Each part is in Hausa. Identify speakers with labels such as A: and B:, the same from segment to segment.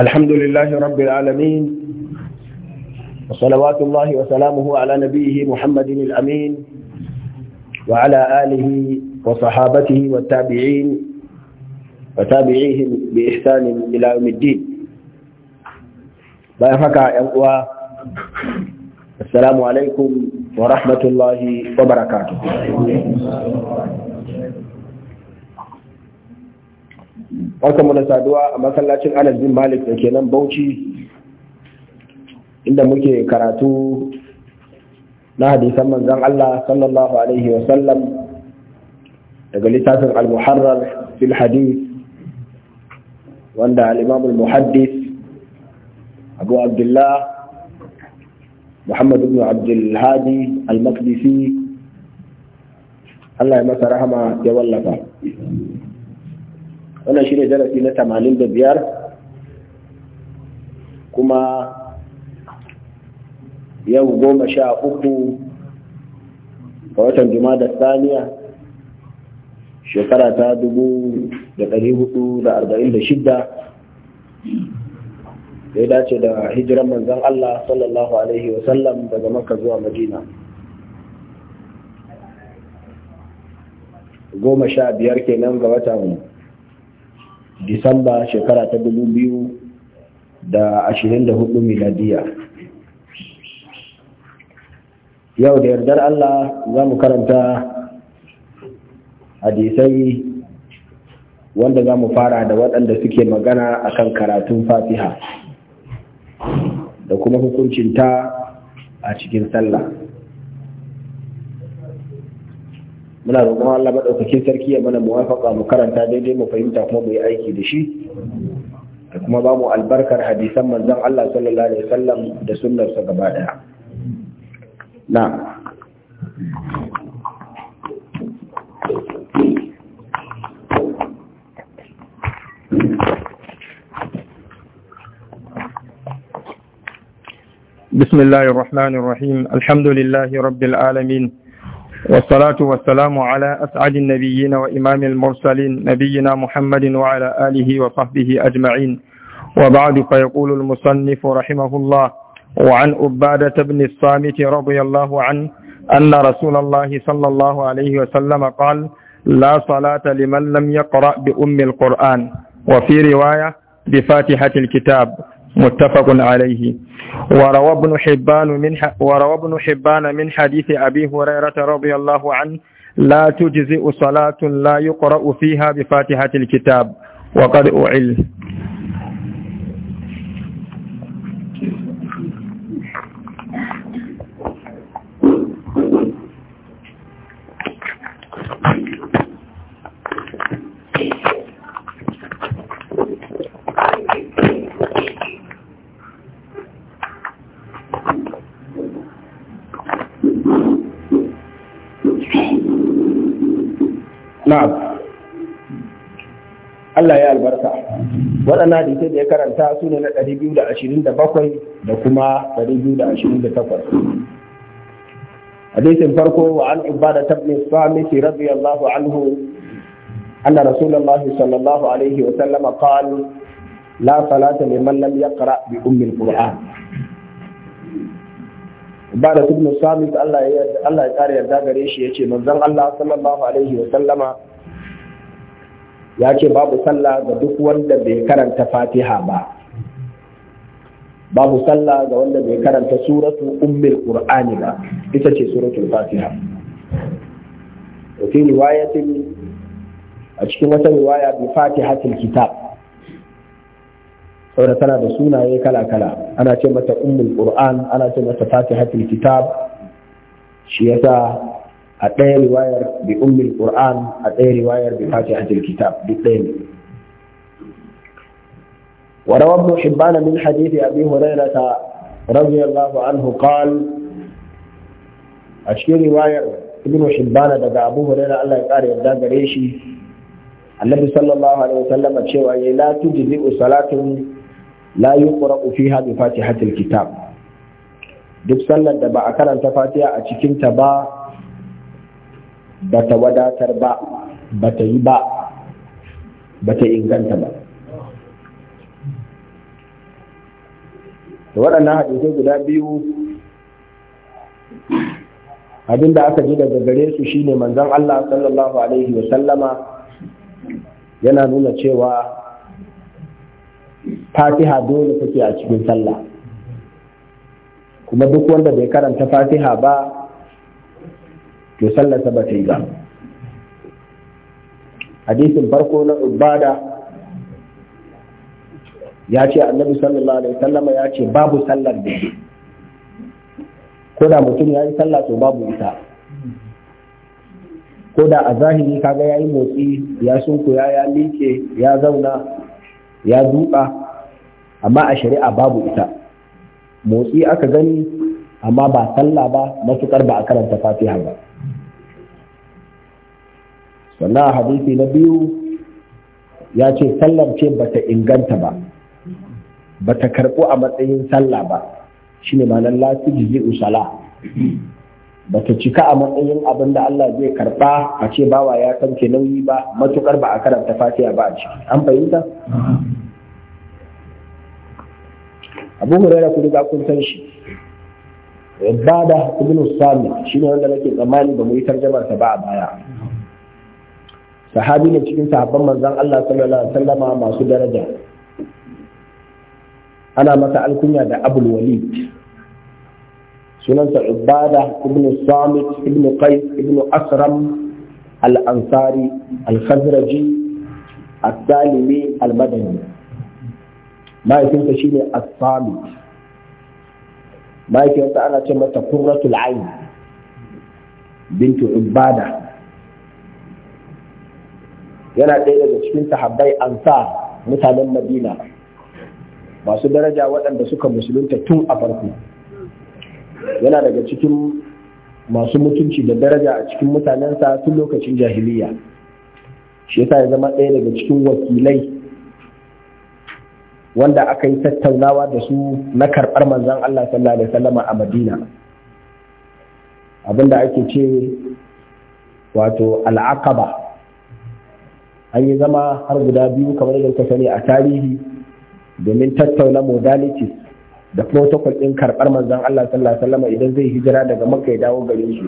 A: الحمد لله رب العالمين وصلوات الله وسلامه على نبيه محمد الأمين وعلى آله وصحابته والتابعين وتابعيهم بإحسان إلى يوم الدين بأفكا haka ‘yan uwa assalamu alaikum wa rahmatullahi barkan mu da saduwa a masallacin Anas bin Malik da kenan Bauchi inda muke karatu na hadisan manzon Allah sallallahu alaihi wa sallam daga littafin al-Muharrar fil hadith wanda al-Imam al-Muhaddis Abu Abdullah Muhammad ibn al Hadi al-Maqdisi Allah ya masa rahama ya wallafa wannan ne darasi na tamanin da biyar kuma yau goma sha uku ga watan Juma da saniya shekara ta dubu da ɗari hudu da arba'in da shidda ya dace da hijiran manzan Allah sallallahu Alaihi wasallam daga makka zuwa madina goma sha biyar kenan ga watan disamba shekara ta dubu biyu da ashirin da hudu miladiya yau da yardar Allah za mu karanta hadisai wanda za mu fara da waɗanda suke magana akan karatun fatiha da kuma hukuncinta a cikin sallah muna roƙon Allah madaukakin sarki ya mana muwafaka mu karanta daidai mu fahimta kuma mu yi aiki da shi da kuma ba mu albarkar hadisan manzon Allah sallallahu alaihi wasallam da sunnarsa gaba daya na بسم الله الرحمن الرحيم الحمد لله رب العالمين والصلاة والسلام على أسعد النبيين وإمام المرسلين نبينا محمد وعلى آله وصحبه أجمعين وبعد فيقول المصنف رحمه الله وعن أبادة بن الصامت رضي الله عنه أن رسول الله صلى الله عليه وسلم قال لا صلاة لمن لم يقرأ بأم القرآن وفي رواية بفاتحة الكتاب متفق عليه وروى ابن حبان من وروى ابن حبان من حديث أبي هريرة رضي الله عنه لا تجزئ صلاة لا يقرأ فيها بفاتحة الكتاب وقد أعل na'am Allah ya albarka waɗannan hadisai da ya karanta su ne na 227 da kuma 228 hadisin farko wa an ubada tabni samiti radiyallahu anhu anna rasulullahi sallallahu alaihi wa sallama qala la salata liman lam yaqra bi ummi alquran ba da ibn samit Allah ya Allah ya kare yarda gare shi yace manzon Allah sallallahu alaihi wa sallama ya ce babu sallah ga duk wanda bai karanta Fatiha ba babu sallah ga wanda bai karanta suratu ummul qur'ani ba ita ce suratul Fatiha to fi riwayatin a cikin wata riwaya bi Fatihatul kitab saboda tana da sunaye kala-kala ana ce mata ummul qur'an ana ce mata fatihatul kitab shi yasa a ɗaya riwayar bi ummul qur'an a ɗaya riwayar bi fatihatul kitab duk ɗaya ne wa rawa ibn hibban min hadithi abi hurayra ta radiyallahu anhu qal a cikin riwayar ibn hibban daga abu hurayra Allah ya kare yadda gare shi annabi sallallahu alaihi wasallam cewa ya la tujzi salatun la yuqra'u fiha bi fatihatil kitab duk sallar da ba a karanta fatiha a cikin ta ba ta wadatar ba ta yi ba ta inganta ba da waɗannan hadisai guda biyu abin da aka ji daga gare su shine manzon Allah sallallahu alaihi wa sallama yana nuna cewa fatiha dole take a cikin sallah kuma duk wanda bai karanta fatiha ba to sallarsa ba ta yi ba hadisin farko na ubada ya ce annabi sallallahu alaihi wasallam ya ce babu sallar da ko da mutum ya yi sallah to babu ita ko da a zahiri kaga ya yi motsi ya sunku ya ya like ya zauna ya duka amma a shari'a babu ita motsi aka gani amma ba sallah ba matukar ba a karanta fatiha ba sannan hadisi na biyu ya ce sallar ce bata inganta ba bata karɓo a matsayin sallah ba shine ma'anar jiji usala sala bata cika a matsayin abin da Allah zai karɓa a ce bawa ya kanke nauyi ba matukar ba a karanta fatiha ba a ciki an fahimta abu huraira ku riga kun san shi bada ibn sami shine wanda nake tsammani ba mu yi tarjamar sa ba a baya sahabi ne cikin sahabban manzon Allah sallallahu alaihi wasallama masu daraja ana masa alkunya da abul walid sunansa ibada ibn samit ibn qais ibn asram al ansari al khazraji al salimi al madani mahaifinsa shi ne asami mahaifinsa ana ce mata kurratul ain bintu ibada yana ɗaya daga cikin sahabbai sa mutanen madina masu daraja waɗanda suka musulunta tun a farko yana daga cikin masu mutunci da daraja a cikin mutanensa tun lokacin jahiliya shi yasa ya zama ɗaya daga cikin wakilai wanda aka yi tattaunawa da su na karɓar manzan Allah sallallahu alaihi wasallama a Madina abinda ake ce wato al'aqaba an yi zama har guda biyu kamar yadda kuka sani a tarihi domin tattauna modalities da protocol ɗin karɓar manzan Allah sallallahu alaihi idan zai hijira daga Makka ya dawo garin su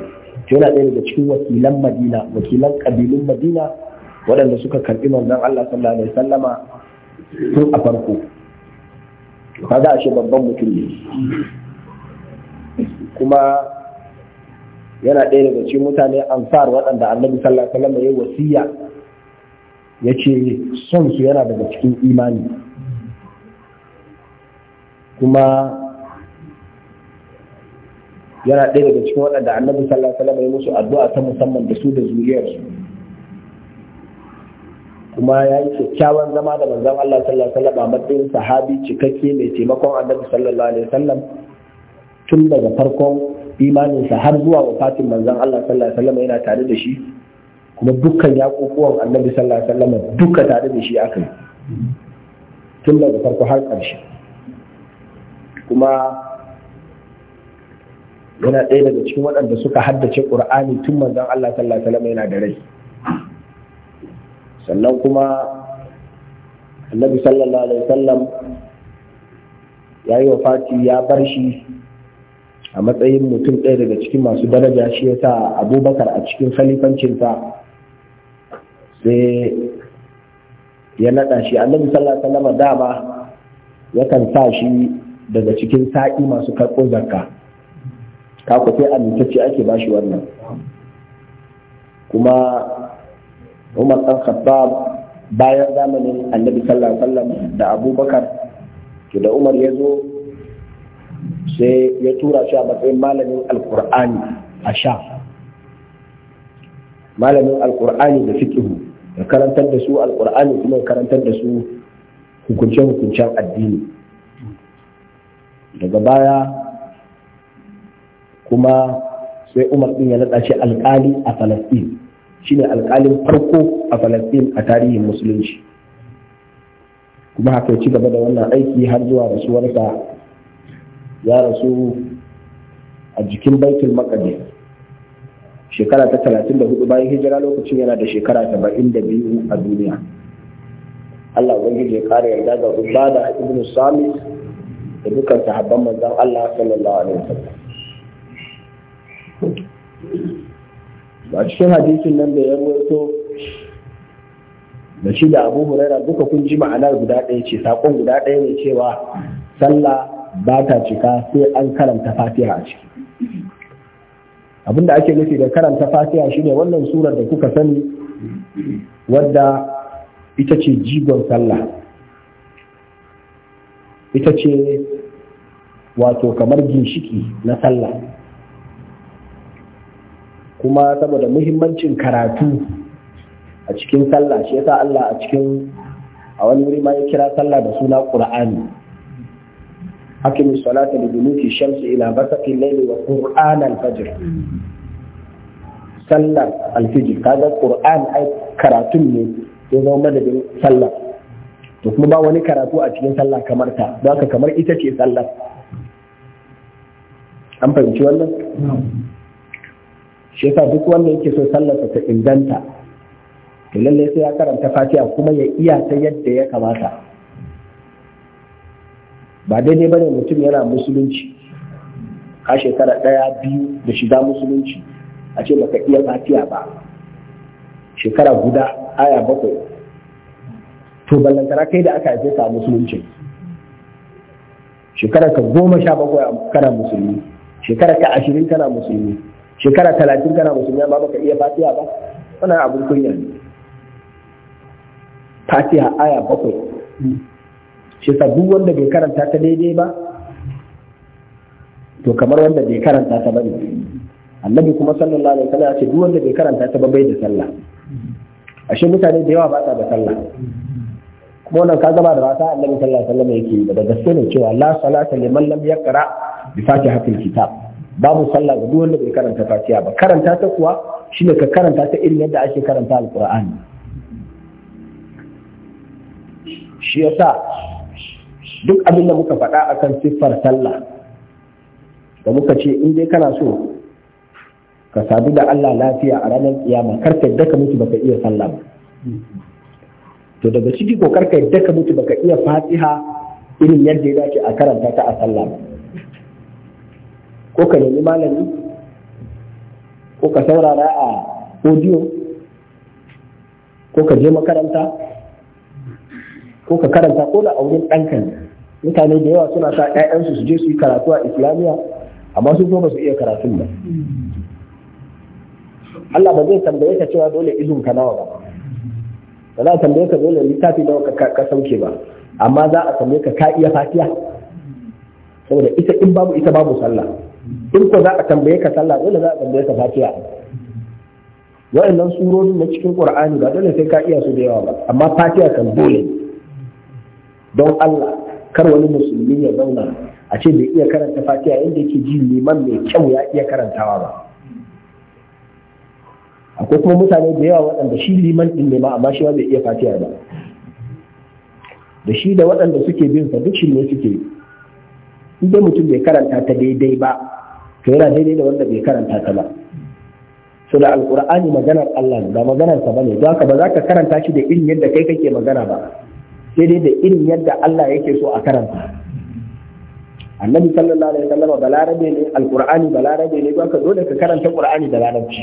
A: to yana ɗaya daga cikin wakilan Madina wakilan kabilun Madina waɗanda suka karɓi manzan Allah sallallahu alaihi tun a farko a shi babban mutum ne kuma yana ɗaya daga cikin mutane ansar waɗanda annabi sallallahu alaihi wasallam ya yi wasiya yace son su yana daga cikin imani kuma yana ɗaya daga cikin waɗanda annabi sallallahu alaihi wasallam ya musu addu'a ta musamman da su da zuriyarsu kuma ya yi kyakkyawan zama da manzon Allah sallallahu alaihi wasallam a matsayin sahabi cikakke mai taimakon annabi sallallahu alaihi wasallam tun daga farkon imaninsa har zuwa wafatin manzon Allah sallallahu alaihi wasallam yana tare da shi kuma dukkan yaƙoƙuwan annabi sallallahu alaihi wasallam duka tare da shi akai tun daga farko har ƙarshe kuma yana ɗaya daga cikin waɗanda suka haddace ƙur'ani tun manzon Allah sallallahu alaihi wasallam yana da rai sannan kuma annabi sallallahu alaihi wasallam ya yi wafati ya bar shi a matsayin mutum ɗaya daga cikin masu daraja shi ya abubakar a cikin khalifancinsa sai ya naɗa shi annabi sallallahu alaihi wasallam dama yakan sa shi daga cikin sa'i masu karɓo zakka ka ku sai amintacce ake ba shi wannan kuma umar ɗan khattab bayan zamanin annabi sallallahu alaihi wasallam da abubakar to da umar ya zo sai ya tura shi a matsayin malamin alkur'ani a sha malamin alkur'ani da fikihu da karantar da su alkur'ani kuma karantar da su hukunce-hukuncen addini daga baya kuma sai umar ɗin ya naɗa shi alƙali a falastin shine alƙalin farko a falastin a tarihin musulunci kuma haka ci gaba da wannan aiki har zuwa rasuwarsa ya rasu a jikin baitul makade shekara ta 34 bayan hijira lokacin yana da shekara 72 a duniya Allah ubangiji ya kare yarda ga Ubada ibn Samit da dukkan sahabban manzon Allah sallallahu alaihi wasallam ba cikin hadisin nan da ya rawaito da shi da abu huraira duka kun ji ma'anar guda ɗaya ce saƙon guda ɗaya ne cewa sallah ba ta cika sai an karanta fatiha a ciki abinda ake nufi da karanta fatiha shine wannan surar da kuka sani wadda ita ce jigon sallah ita ce wato kamar ginshiki na sallah kuma saboda muhimmancin karatu a cikin sallah shi yasa Allah a cikin a wani wuri ma ya kira sallah da suna Qur'ani hakim salata li dunuki shamsi ila basaqi layli wa qur'an al-fajr sallar al-fajr kaga Qur'an ai karatun ne ya zama madadin sallah to kuma ba wani karatu a cikin sallah kamar ta don kamar ita ce sallah an fahimci wannan shi yasa duk wanda yake so sallarsa ta inganta to lallai sai ya karanta fatiha kuma ya iya ta yadda ya kamata ba daidai bane mutum yana musulunci a shekara ɗaya biyu da shiga musulunci a ce baka iya fatiha ba shekara guda aya bakwai to ballantana kai da aka haife ka musulunci shekara ka goma sha bakwai kana musulmi shekara ka ashirin kana musulmi shekara talatin kana musulmi ba baka iya fatiha ba wannan abin kunya ne fatiha aya bakwai shi sabu duk wanda bai karanta ta daidai ba to kamar wanda bai karanta ta bane annabi kuma sallallahu alaihi wasallam ya ce duk wanda bai karanta ta ba bai da sallah ashe mutane da yawa ba sa da sallah kuma wannan ka gaba da wasa? annabi sallallahu alaihi wasallam yake da gaske ne cewa la salata liman lam yaqra bi fatihatil kitab mu sallah ga duk wanda bai karanta fatiha ba karanta ta kuwa shine ka karanta ta irin yadda ake karanta alqur'ani shi yasa duk abin da muka faɗa akan siffar sallah da muka ce in dai kana so ka sadu da Allah lafiya a ranar kiyama kar ka yadda ka mutu baka iya sallah ba to daga ciki ko karka ka yadda ka mutu baka iya fatiha irin yadda ya dace a karanta ta a sallah ba ko ka nemi malami ko ka saurara a audio ko ka je makaranta ko ka karanta ko da auren ɗanka mutane da yawa suna sa 'ya'yansu su je su yi karatu a islamiyya amma su ba su iya karatun ba Allah ba zai tambaye ka cewa dole izun ka nawa ba ba za a tambaye ka dole littafi nawa ka sauke ba amma za a tambaye ka ka iya fatiya saboda ita in babu ita babu sallah in ko za a tambaye ka sallah dole za a tambaye ka fatiha wa'annan surorin na cikin qur'ani ba dole sai ka iya su da yawa ba amma fatiha kan dole don Allah kar wani musulmi ya zauna a ce bai iya karanta fatiha inda yake ji liman mai kyau ya iya karantawa ba akwai kuma mutane da yawa waɗanda shi liman din ne ma amma shi bai iya fatiha ba da shi da waɗanda suke bin sa duk shi ne suke idan mutum bai karanta ta daidai ba to yana daidai da wanda bai karanta ta ba so da alqur'ani maganar Allah ba maganar sa bane don haka ba za ka karanta shi da irin yadda kai kake magana ba sai dai da irin yadda Allah yake so a karanta annabi sallallahu alaihi wasallam balarabe ne alqur'ani balarabe ne don haka dole ka karanta qur'ani da larabci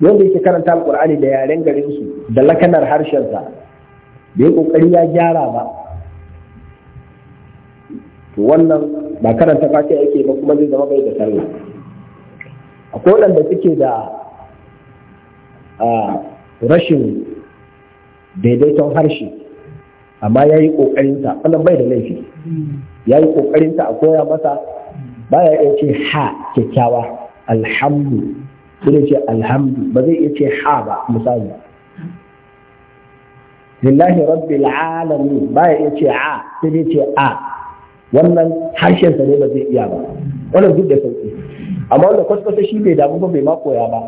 A: wanda yake karanta alqur'ani da yaren garin su da lakanar harshen sa bai kokari ya gyara ba to wannan ba karanta fati yake ba kuma zai zama bai da sallah akwai waɗanda suke da rashin daidaiton harshe amma ya yi ƙoƙarinta, wannan bai da laifi ya yi ƙoƙarinsa a koya masa ba ya iya ce ha kyakkyawa alhamdu sai ce alhamdu ba zai iya ce ha ba misali lillahi rabbil alamin ba ya iya ce a sai ce a wannan harshen sa ne ba zai iya ba wannan duk da sauki amma wanda kwaskwasa shi bai damu ba bai ma koya ba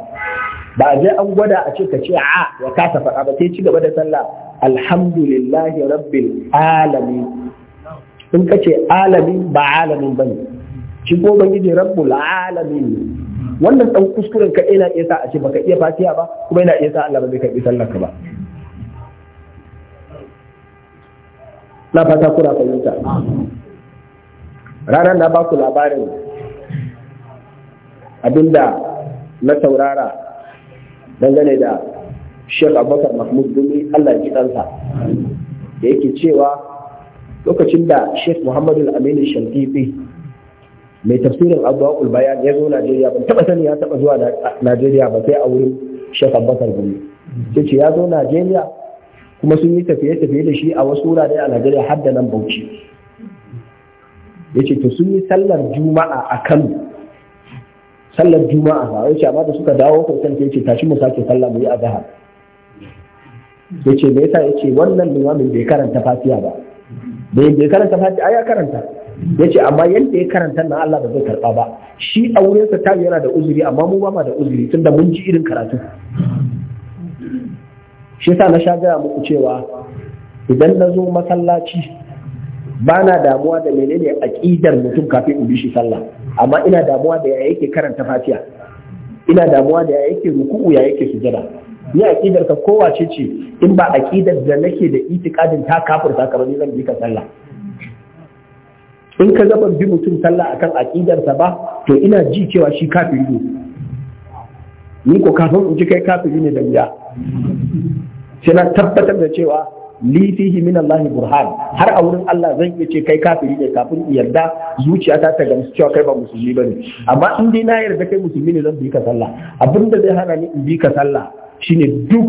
A: ba a je an gwada a ce ka ce a ya kasa faɗa ba sai ci gaba da sallah alhamdulillahi rabbil alamin in ka ce alamin ba alamin bane shi ko ubangiji rabbul alamin wannan dan kuskuren ka ina iya sa a ce baka iya fatiha ba kuma ina iya sa Allah ba zai karbi sallar ka ba na fata kura fahimta ranar na ba ku labarin abinda na saurara dangane da Sheikh Abubakar Mahmud Gumi Allah ya ɗansa da yake cewa lokacin da Sheikh Muhammadu Aminu Shantifi mai tafsirin Abdu'ul Bayan ya zo Najeriya ban taɓa sani ya taɓa zuwa Najeriya ba sai a wurin Sheikh Abubakar Gumi sai ce ya zo Najeriya kuma sun yi tafiye-tafiye da shi a wasu wurare a Najeriya har da nan Bauchi yace to sun yi sallar juma'a a Kano sallar juma'a ba ce amma da suka dawo ko san ce tashi mu sake sallah mu yi azhar yace me yasa ce wannan limamin bai karanta fatiya ba bai bai karanta fatiha ya karanta yace amma yadda ya karanta na Allah ba zai karba ba shi aurensa sa ta yana da uzuri amma mu ba ma da uzuri tunda mun ji irin karatu shi yasa na sha gaya muku cewa idan na zo masallaci ba na damuwa da menene aƙidar mutum kafin in bi shi sallah amma ina damuwa da ya yake karanta fatiya, ina damuwa da ya yake ruku'u ya yake sujada ni aƙidar ka kowace ce in ba aƙidar da nake da itikadin ta kafirta kamar zan bi ka sallah in ka zama bi mutum sallah akan sa ba to ina ji cewa shi kafiri ne ni ko kafin in ji kai kafiri ne da wuya sai na tabbatar da cewa li min Allah burhan har a wurin Allah zan iya ce kai kafiri ne kafin yarda zuciyata ta gamsu cewa kai ba musulmi ba ne. amma in dai na yarda kai musulmi ne zan bi ka sallah abinda zai hana ni in bi ka sallah shine duk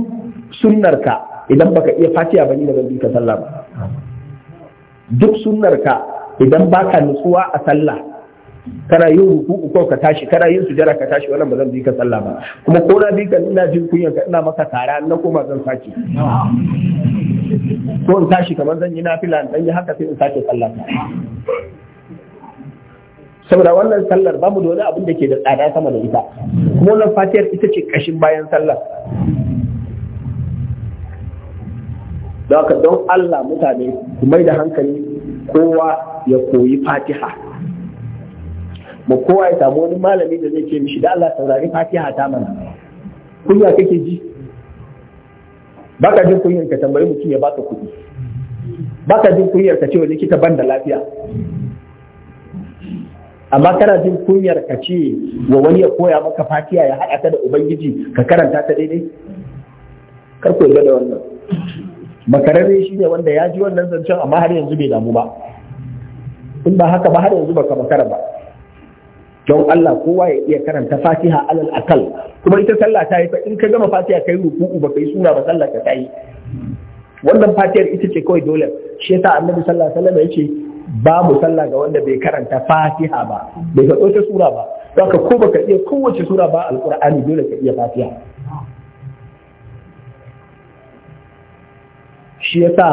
A: sunnarka idan baka iya fatiha ba ni da zan bi ka sallah ba duk sunnarka idan baka nutsuwa a sallah kana yin ruku'u ko ka tashi kana yin sujada ka tashi wannan ba zan bi ka sallah ba kuma ko na bi ka ina jin kunya ka ina maka tara na koma zan sake ko in tashi kamar zan yi nafila dan yi haka sai in sake sallah saboda wannan sallar ba mu da wani abin da ke da tsada sama da ita kuma wannan fatiyar ita ce kashin bayan sallar don haka don Allah mutane ku mai da hankali kowa ya koyi fatiha mu kowa ya samu wani malami da zai ce mishi da Allah saurari fatiha ta mana kunya kake ji baka jin kunyar ka tambayi mutum ya baka kuɗi baka jin kunyar ka ce wa likita ban da lafiya amma kana jin kunyar ka ce wa wani ya koya maka fatiha ya haɗa ta da ubangiji ka karanta ta daidai kar ku da wannan makararre shi ne wanda ya ji wannan zancen amma har yanzu bai damu ba in ba haka ba har yanzu baka makara ba don Allah kowa ya iya karanta fatiha alal akal kuma ita sallah ta yi fa in ka gama fatiha kai ruku'u ba kai sura ba sallah ka kai. wannan fatihar ita ce kawai dole shi yasa annabi sallallahu alaihi wasallam yace babu sallah ga wanda bai karanta fatiha ba bai ka ta sura ba ka ko baka iya kowace sura ba alqur'ani dole ka iya fatiha shi yasa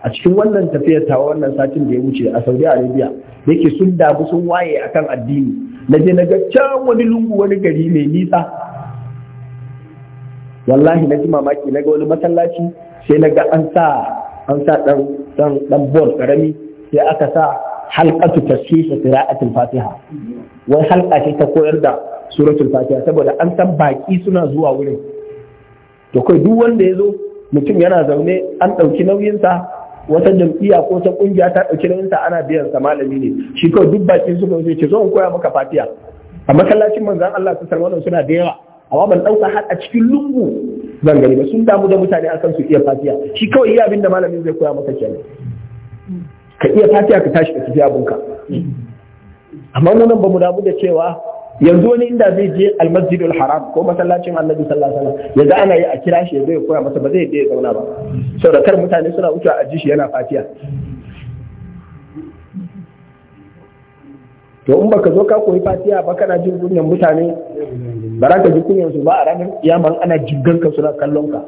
A: a cikin wannan tafiyar ta wannan satin da ya wuce a Saudi Arabia yake sun damu sun waye akan addini na je na ga can wani lungu wani gari mai nisa wallahi na ji mamaki na ga wani masallaci sai na ga an sa an sa dan dan dan bol karami sai aka sa halqatu tasfih qira'atul fatiha wai halqa ce ta koyar da suratul fatiha saboda an san baki suna zuwa wurin to kai duk wanda ya zo mutum yana zaune an ɗauki nauyinsa wata jam'iyya ko ta kungiya ta dauki ta ana biyan sa malami ne shi kawai duk bakin suka wuce ce zo in koya maka fatiya. a masallacin manzan Allah ta sallallahu suna da yawa amma ban dauka har a cikin lungu zan gani ba sun damu da mutane akan su iya fatiha shi kawai iya abin da malamin zai koya maka kenan ka iya fatiha ka tashi ka tafi abunka amma nan ba mu damu da cewa yanzu wani inda zai je almasjidul haram ko masallacin annabi sallallahu alaihi wasallam yanzu ana yi a kira shi zai koya masa ba zai je zauna ba saboda kar mutane suna wuce a ji yana fatiya to in baka zo ka koyi fatiya ba kana jin kunyan mutane ba za ka ji kunyan su ba a ranar kiyama ana jiggan ka suna kallon ka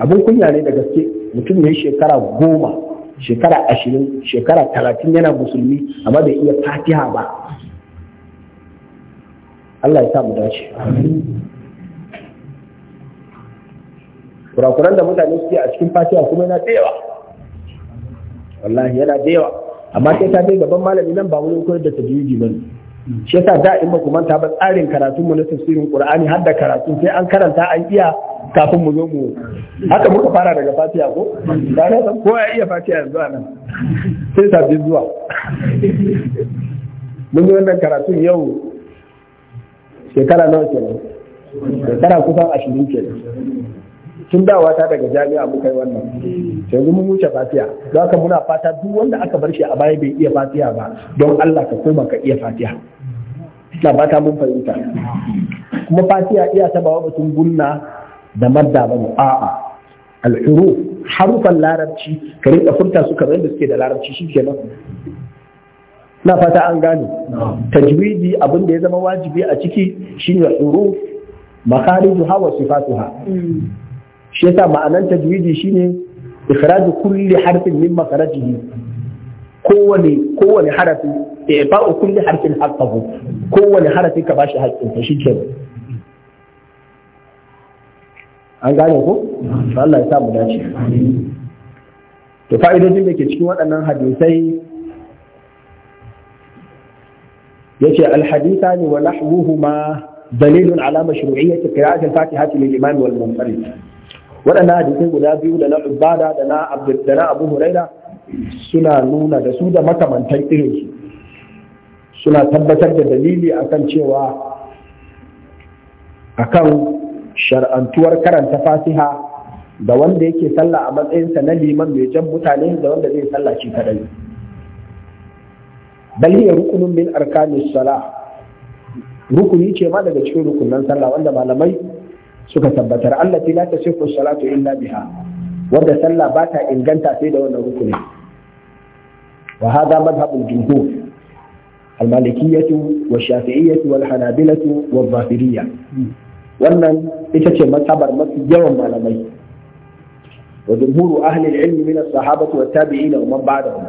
A: abin kunya ne da gaske mutum ya shekara goma shekara ashirin shekara talatin yana musulmi amma bai iya fatiha ba Allah ya sa dace kurakuran da mutane suke a cikin fatiha kuma yana da yawa wallahi yana da yawa amma sai ta dai gaban malami nan ba wani koyar da tajwidi bane shi yasa da in ba ku manta ba tsarin karatun mu na tafsirin qur'ani har da karatu sai an karanta an iya kafin mu zo mu haka muka fara daga fatiha ko da na san ko ya iya fatiha yanzu anan sai sabbi zuwa mun yi wannan karatun yau shekara nawa kenan shekara kusan ashirin kenan tun dawa ta daga jami'a muka yi wannan yanzu mun wuce fatiha don haka muna fata duk wanda aka bar shi a baya bai iya fatiha ba don Allah ka koma ka iya fatiha ina fata mun fahimta kuma fatiha iya ta ba batun gunna da madda ba a'a al huru harufan larabci ka rinka furta su kamar suke da larabci shikenan na fata an gane tajwidi abin da ya zama wajibi a ciki shine huruf makarijuha wa sifatuha shi yasa ma'anan tajwidi shine ikhraju kulli harfin min makharajihi kowane kowane harafi ifa'u kulli harfin haqqahu kowane harafi ka bashi haƙƙin shi ke an gane ko Allah ya sa mu dace to fa'idodin da ke cikin waɗannan hadisai yace alhadithani wa nahwuhuma dalilun ala mashru'iyyati qira'ati al-fatihati lil imam wal munfarid a hadisai guda biyu da na ibada da na da na abu huraira suna nuna da su da makamantan su suna tabbatar da dalili akan cewa akan shar'antuwar karanta fasiha da wanda yake sallah a matsayinsa na liman mai jan mutane da wanda zai sallah shi kadai bal hiya rukunun min arkanis sala rukuni ce ma daga cikin rukunan sallah wanda malamai suka tabbatar Allah la tasihu salatu illa biha wanda sallah ba ta inganta sai da wannan rukuni wa hada madhhabul jumhur المالكية والشافعية wa والظاهرية wannan ita ce matsabar mafi yawan malamai wa jumhuru ahli ilmi min as-sahabati wa tabi'in wa man ba'dahum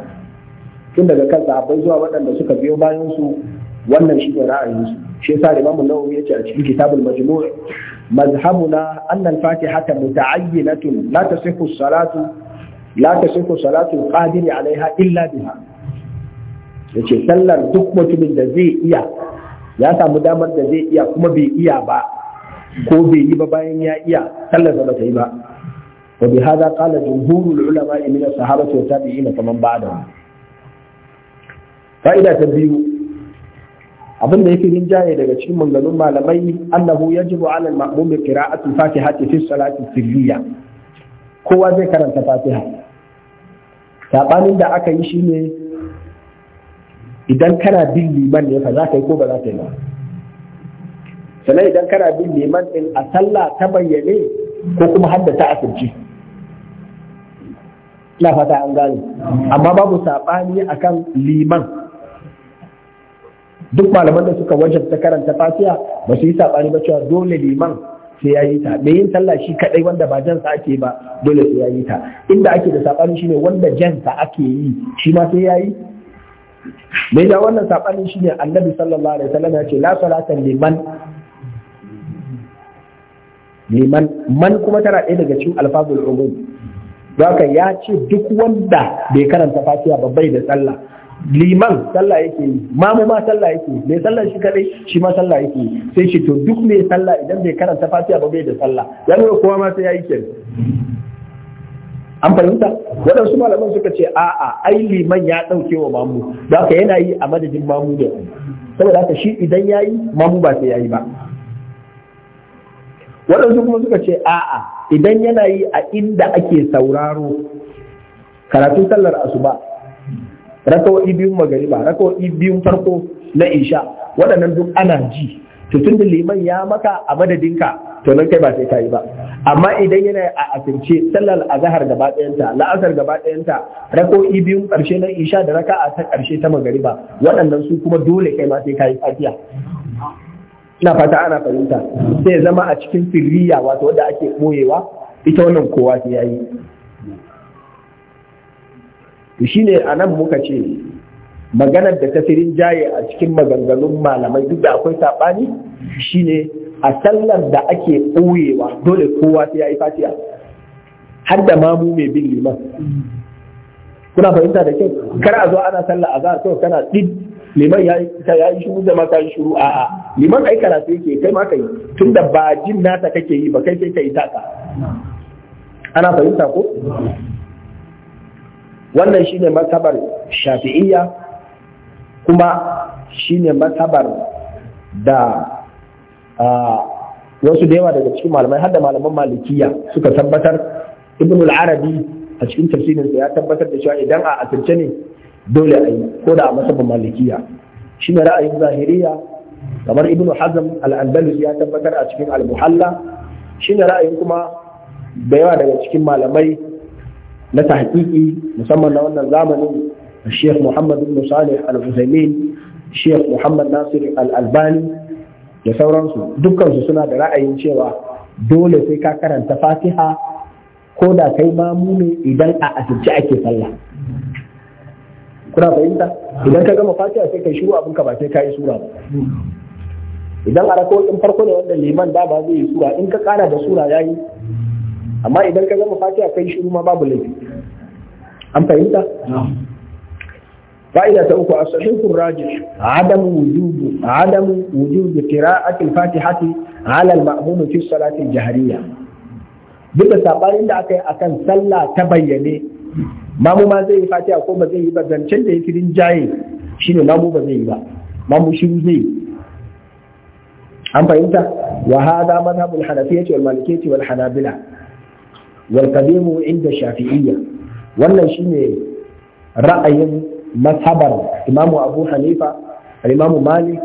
A: tun daga kan sahabbai zuwa waɗanda suka biyo bayan su wannan shi ne ra'ayin shi yasa Imam Nawawi yace a cikin Kitabul Majmu' مذهبنا أن الفاتحة متعينة لا تصح الصلاة لا تصح صلاة القادر عليها إلا بها yace sallar duk mutumin da zai iya ya samu damar da zai iya kuma bai iya ba ko bai yi ba bayan ya iya sallar sa bata yi ba wa bi hada qala jumhurul ulama min as-sahabati wa tabi'in kaman ba'da fa'ida ta biyu abin da yake rinjaye daga cikin maganganun malamai annahu yajibu ala al-ma'mum qira'atu al-fatihati fi salati sirriya kowa zai karanta fatiha sabanin da aka yi shine idan kana bin liman ne fa za ka yi ko ba za ka yi ba sannan idan kana bin liman din a sallah ta bayyane ko kuma haddata ta asirci ina fata an gane amma babu sabani akan liman duk malaman da suka ta karanta fasiya ba su yi saɓani ba cewa dole liman sai ya yi ta mai yin sallah shi kadai wanda ba jansa ake ba dole sai ya yi ta inda ake da saɓani shine wanda jansa ake yi shi ma sai ya yi mai da wannan saɓanin shine annabi sallallahu alaihi wasallam ya ce la salata liman liman man kuma tana ɗaya daga cikin alfazul umum haka ya ce duk wanda bai karanta fasiya ba bai da sallah liman sallah yake yi mamu ma sallah yake yi mai sallah shi kadai shi ma sallah yake yi sai shi to duk mai sallah idan bai karanta fatiha ba bai da sallah ya nuna kowa ma sai ya yi
B: kenan
A: an fahimta waɗansu malaman suka ce a'a ai liman ya ɗauke wa mamu da haka yana yi a madadin mamu ne saboda haka shi idan ya yi mamu ba sai ya yi ba waɗansu kuma suka ce a'a idan yana yi a inda ake sauraro karatun sallar asuba rakawa'i biyun magariba rakawa'i biyun farko na isha waɗannan duk ana ji to tunda liman ya maka a madadinka to nan kai ba sai kayi ba amma idan yana a asirce sallar azhar gaba ɗayanta la'asar gaba ɗayanta rako'i biyun ƙarshe na isha da raka'a ta ƙarshe ta magariba waɗannan su kuma dole kai ma sai kayi fatiha ina fata ana fahimta sai zama a cikin firriya wato wanda ake ɓoyewa ita wannan kowa sai yayi to shine a nan muka ce maganar da ta firin jaye a cikin maganganun malamai duk da akwai saɓani shine a sallar da ake ɓoyewa dole kowa sai ya yi fatiya har da mamu mai bin liman kuna fahimta da kyau kar a zo ana sallah za to kana din liman ya yi shiru da maka yi shiru a a liman ai karatu yake kai ma kai tunda ba jin nata kake yi ba kai sai kai taka ana fahimta ko wannan shine matabar shafi'iyya kuma shine matabar da wasu da yawa daga cikin malamai har da malaman malikiya suka tabbatar ibn al-arabi a cikin tafsirinsa ya tabbatar da cewa idan a asirce ne dole a yi ko da a masabar malikiya shine ra'ayin zahiriya kamar ibn hazm al-andalus ya tabbatar a cikin al-muhalla shine ra'ayin kuma da yawa daga cikin malamai na tahqiqi musamman na wannan zamanin Sheikh Muhammad bin Salih Al-Uthaymeen Sheikh Muhammad Nasir Al-Albani da sauransu dukkansu suna da ra'ayin cewa dole sai ka karanta Fatiha ko da kai ma ne idan a asirce ake sallah kuna fahimta idan ka gama Fatiha sai kai shiru abin ka ba sai ka yi sura ba idan a rakawoyin farko ne wanda liman da ba zai yi sura in ka kara da sura yayi amma idan ka zama fatiha kai shiru ma babu laifi an fahimta fa'ida ta uku as-sahihur rajih adam wujub adam wujub qira'ati al-fatihati 'ala al-ma'mum fi salati al-jahriyya duk da sabanin da aka akan sallah ta bayyane mamu ma zai yi fatiha ko ba zai yi ba zancen da yake jaye? shine mamu ba zai yi ba mamu shiru zai yi an fahimta wa hada madhhabul hanafiyyati wal malikiyyati wal hanabila wal inda shafi'iyya wannan shine ra'ayin mashabar imamu abu hanifa al-imamu malik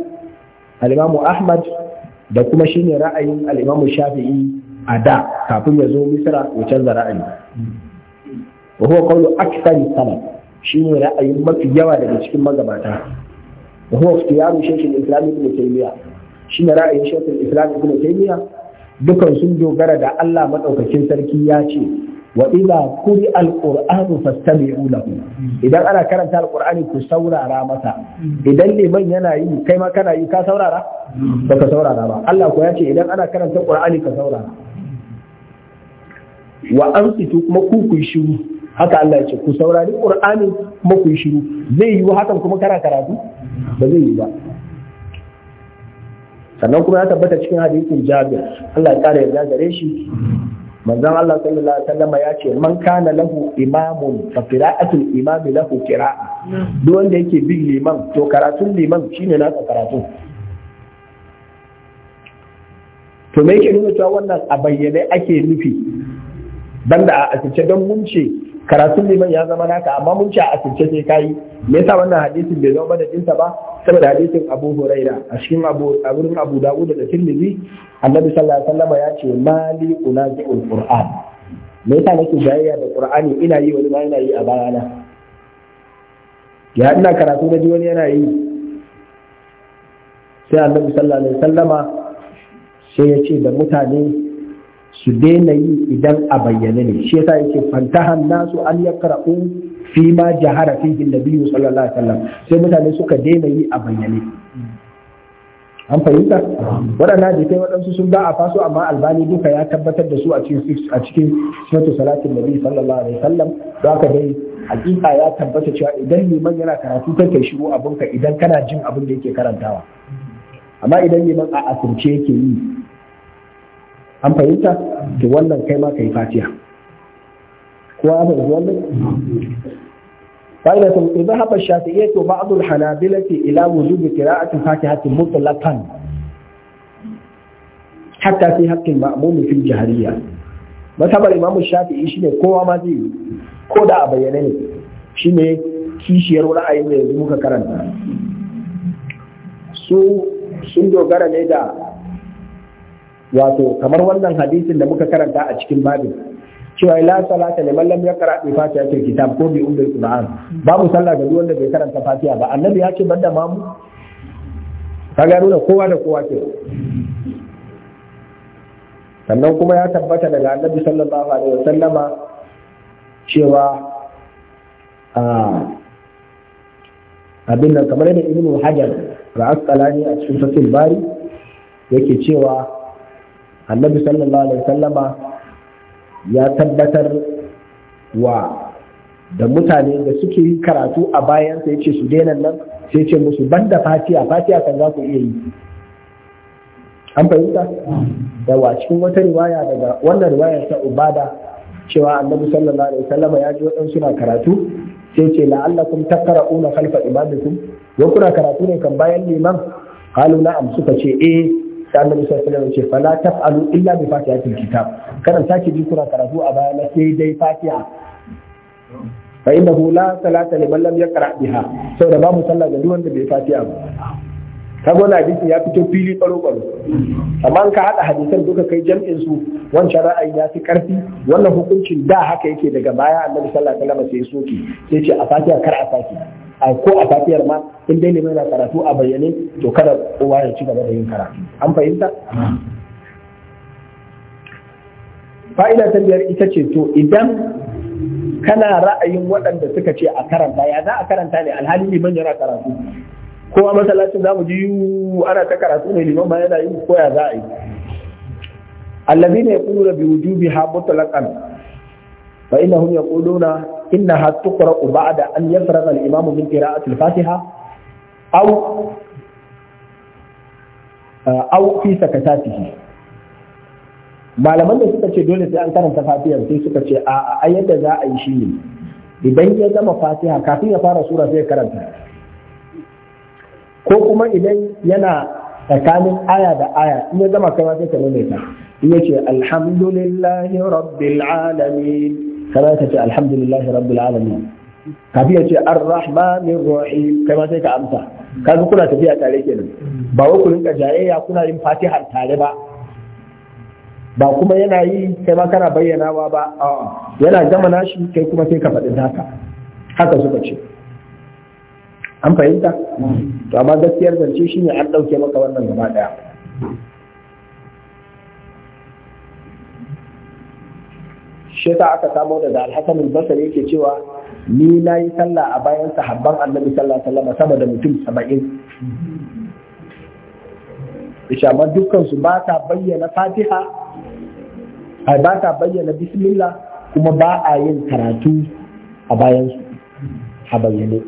A: al-imamu ahmad da kuma ne ra'ayin al-imamu shafi'i a da kafin ya zo misra ya canza ra'ayi wa huwa qawlu aktsari salaf ne ra'ayin mafi yawa daga cikin magabata wa huwa ikhtiyaru shaykh al-islam ibn taymiyyah ne ra'ayin shaykh al-islam ibn taymiyyah dukan sun dogara da Allah maɗaukakin sarki ya ce wa idza kuri alqur'anu fastami'u lahu idan ana karanta alqur'ani ku saurara masa idan liman yana yi kai ma kana yi ka saurara baka saurara ba Allah ko ya ce idan ana karanta qur'ani ka saurara wa amsitu kuma ku ku shiru haka Allah ya ce ku saurari qur'ani kuma ku shiru zai yi hakan kuma kana karatu ba zai yi ba sannan kuma ya tabbata cikin hadisin jabir Allah ya kare ya gare shi manzon Allah sallallahu alaihi wasallam ya ce man kana lahu imamun fa qira'atul imami lahu qira'a duk wanda yake bin liman to karatun liman shine nasa karatu to me yake nuna cewa wannan a bayyane ake nufi banda a asirce don mun ce karatun liman ya zama naka amma mun ce a asirce sai kayi me yasa wannan hadisin bai zama madadinsa ba saboda hadisin Abu Huraira a cikin Abu Abun Abu Dawud da Tirmidhi Annabi sallallahu alaihi wasallam ya ce mali unazi'ul alquran me yasa nake jayayya da Qur'ani ina yi wani ma yana yi a bayana ya ina karatu da wani yana yi sai Annabi sallallahu alaihi wasallam sai ya ce da mutane su daina yi idan a bayyane ne shi yasa yake fantahan nasu an yakra'u fi ma jahara da biyu sallallahu alaihi wasallam sai mutane suka daina yi a bayyane an fahimta waɗannan kai waɗansu sun ba a faso amma albani duka ya tabbatar da su a cikin a cikin sunatu salatin nabi sallallahu alaihi wasallam da aka dai hakika ya tabbata cewa idan liman yana karatu kai kai shiru ka idan kana jin abin da yake karantawa amma idan liman a asirce yake yi an fahimta to wannan kai ma kai fatiha kowa ya wannan فإذا ذهب الشافعية بعض الحنابلة إلى وجوب قراءة فاتحة مطلقا حتى في حق المأموم في الجهرية مذهب الإمام الشافعي شنو كوا ما زي كودا أبينني شنو kishiyar ra'ayin da yanzu muka karanta su sun dogara ne da wato kamar wannan hadisin da muka karanta a cewa la salata liman lam yaqra bi fatihatil kitab ko bi ummul qur'an babu sallah ga duk wanda bai karanta fatiha ba annabi ya ce banda mamu kaga nuna kowa da kowa ke sannan kuma ya tabbata daga annabi sallallahu alaihi wasallama cewa abin nan kamar da ibnu hajar ra'asqalani a cikin fasil bari yake cewa annabi sallallahu alaihi wasallama ya tabbatar wa da mutane da suke yi karatu a bayan, sai ce su daina nan sai ce musu ban da fatiya fatiya kan za ku iya yi an fahimta Da wa cikin wata riwaya daga wannan riwayar ta ubada cewa annabi sallallahu alaihi wasallam ya ji wadan suna karatu sai ce la'allakum takra'una khalfa imamikum wa kuna karatu ne kan bayan liman qalu na'am suka ce eh da annabi sallallahu alaihi wasallam ce fala taf'alu illa bi fatihatil kitab karanta ki ji kuna karatu a baya na sai dai fatiha fa innahu la salata liman lam yaqra biha saboda babu sallah ga duk wanda bai fatiha ba Kago na hadisin ya fito fili baro baro amma ka hada hadisan duka kai jam'in su wancan ra'ayi ya fi karfi wannan hukuncin da haka yake daga baya annabi sallallahu alaihi wasallam sai soki sai ce a fatiha kar a saki a ko a safiyar ma in dai neman yana karatu a bayyane to kada kowa ya ci gaba da yin karatu an fahimta fa'ida ta biyar ita ce to idan kana ra'ayin waɗanda suka ce a karanta ya za a karanta ne alhali liman yana karatu kowa masallacin za mu ji ana ta karatu ne liman ma yana yi ko ya za a yi allazi ne ya bi wujubi ha mutlaqan fa innahum yaquluna innaha uba ba'da an yafraga al-imamu min qira'ati fatiha aw uh, aw fi sakatatihi malaman da suka ce dole sai an karanta fatihar sai suka ce a yadda za a yi shi ne idan ya fatiha kafin ya fara sura sai karanta ko kuma idan yana tsakanin aya da aya in ya zama kai sai ta nuna ta in ya alhamdulillahi rabbil alamin kada ka ce alhamdulillahi rabbil alamin kafin ya ce arrahmanir rahim kai ma sai ka amsa kaga kuna tafiya tare kenan ba wai ku rinka jayayya kuna yin fatihar tare ba ba kuma yana yi kai ma kana bayyanawa ba yana gama nashi kai kuma sai ka faɗi haka haka suka ce an fahimta to amma gaskiyar zance shine an ɗauke maka wannan gaba ɗaya shi yasa aka samo da alhassan al-basri yake cewa ni na yi sallah a bayan sahabban annabi sallallahu alaihi wasallam sama da mutum
B: 70
A: isha ma dukkan su ba ta bayyana fatiha ai ba ta bayyana bismillah kuma ba a yin karatu a bayan su a bayyane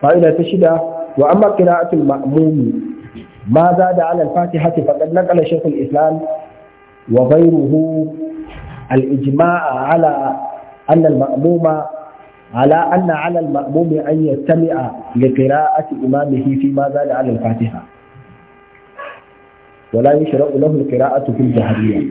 A: fa'ida ta shida wa amma qira'atul ma'mumi Maza da alal fatihati faqad naqala shaykhul islam wa ghayruhu al ijma'a ala أن المأموم على أن على المأموم أن يستمع لقراءة إمامه فيما زاد على الفاتحة ولا يشرع له القراءة في الجهرية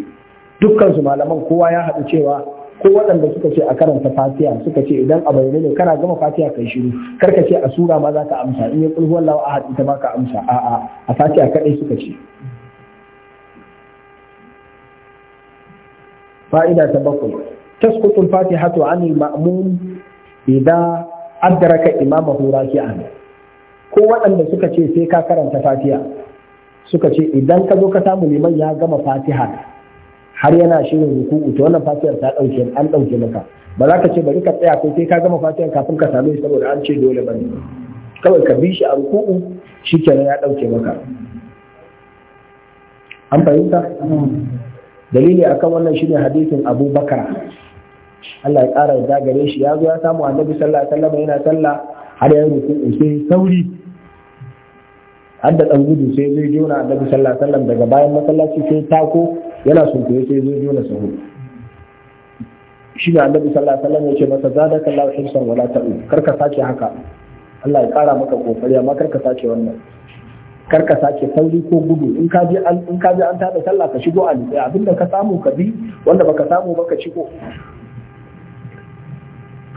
A: dukkan su malaman kowa ya haɗu cewa ko waɗanda suka ce a karanta fatiha suka ce idan a bayyane ne kana gama fatiha kai shiru kar ka ce a sura ma za ka amsa in ya kulhu wallahu ahad ita ma ka amsa a'a a fatiha kadai suka ce fa'ida ta bakwai tasqutu al-fatihatu 'an al-ma'mum Imama adraka imamahu raki'an ko waɗanda suka ce sai ka karanta fatiha suka ce idan ka zo ka samu liman ya gama fatiha har yana shirin ruku'u to wannan fatiyar ta dauke an dauke maka ba za ka ce bari ka tsaya ko sai ka gama fatiyar kafin ka same shi saboda an ce dole bane kawai ka bi shi a ruku'u shikenan ya dauke maka an fahimta dalili akan wannan shine hadisin Abu Bakar Allah ya kara da gare shi ya zo ya samu Annabi sallallahu alaihi wasallam yana sallah har ya ruku sai sauri har da dan gudu sai zai jona Annabi sallallahu alaihi wasallam daga bayan masallaci sai tako yana kuwa sai zai zo na sahu shi ne annabi sallallahu alaihi wasallam ya ce masa zada kallahu himsan wala ta'u kar ka sake haka Allah ya kara maka kokari amma kar ka sake wannan kar ka sake sauri ko gudu in ka je an in ka je an tada sallah ka shigo a sai abinda ka samu ka bi wanda baka samu baka shigo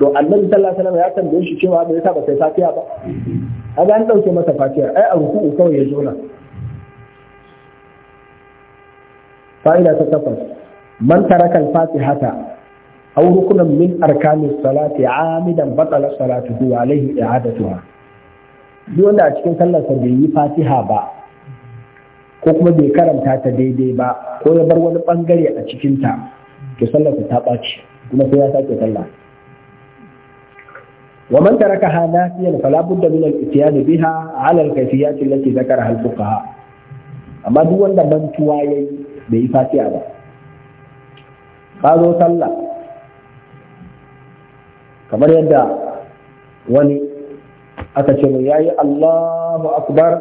A: to annabi sallallahu alaihi wasallam ya tambaye shi cewa me yasa ba sai safiya ba kaga an dauke masa fatiha ai a ruku'u kawai ya zo na fa'ida ta takwas man taraka al-fatihata aw rukunan min arkani salati amidan batala salatuhu alaihi i'adatuha duk wanda a cikin sallarsa bai yi fatiha ba ko kuma bai karanta ta daidai ba ko ya bar wani bangare a cikin ta, to sallarsa ta ɓaci kuma sai ya sake sallah ومن تركها ناسيا فلا بد من الاتيان بها على الكيفيات التي ذكرها الفقهاء Amma duk wanda mantuwa yayi bai yi fatiya ba ka zo sallah kamar yadda wani aka ce mai yayi Allahu akbar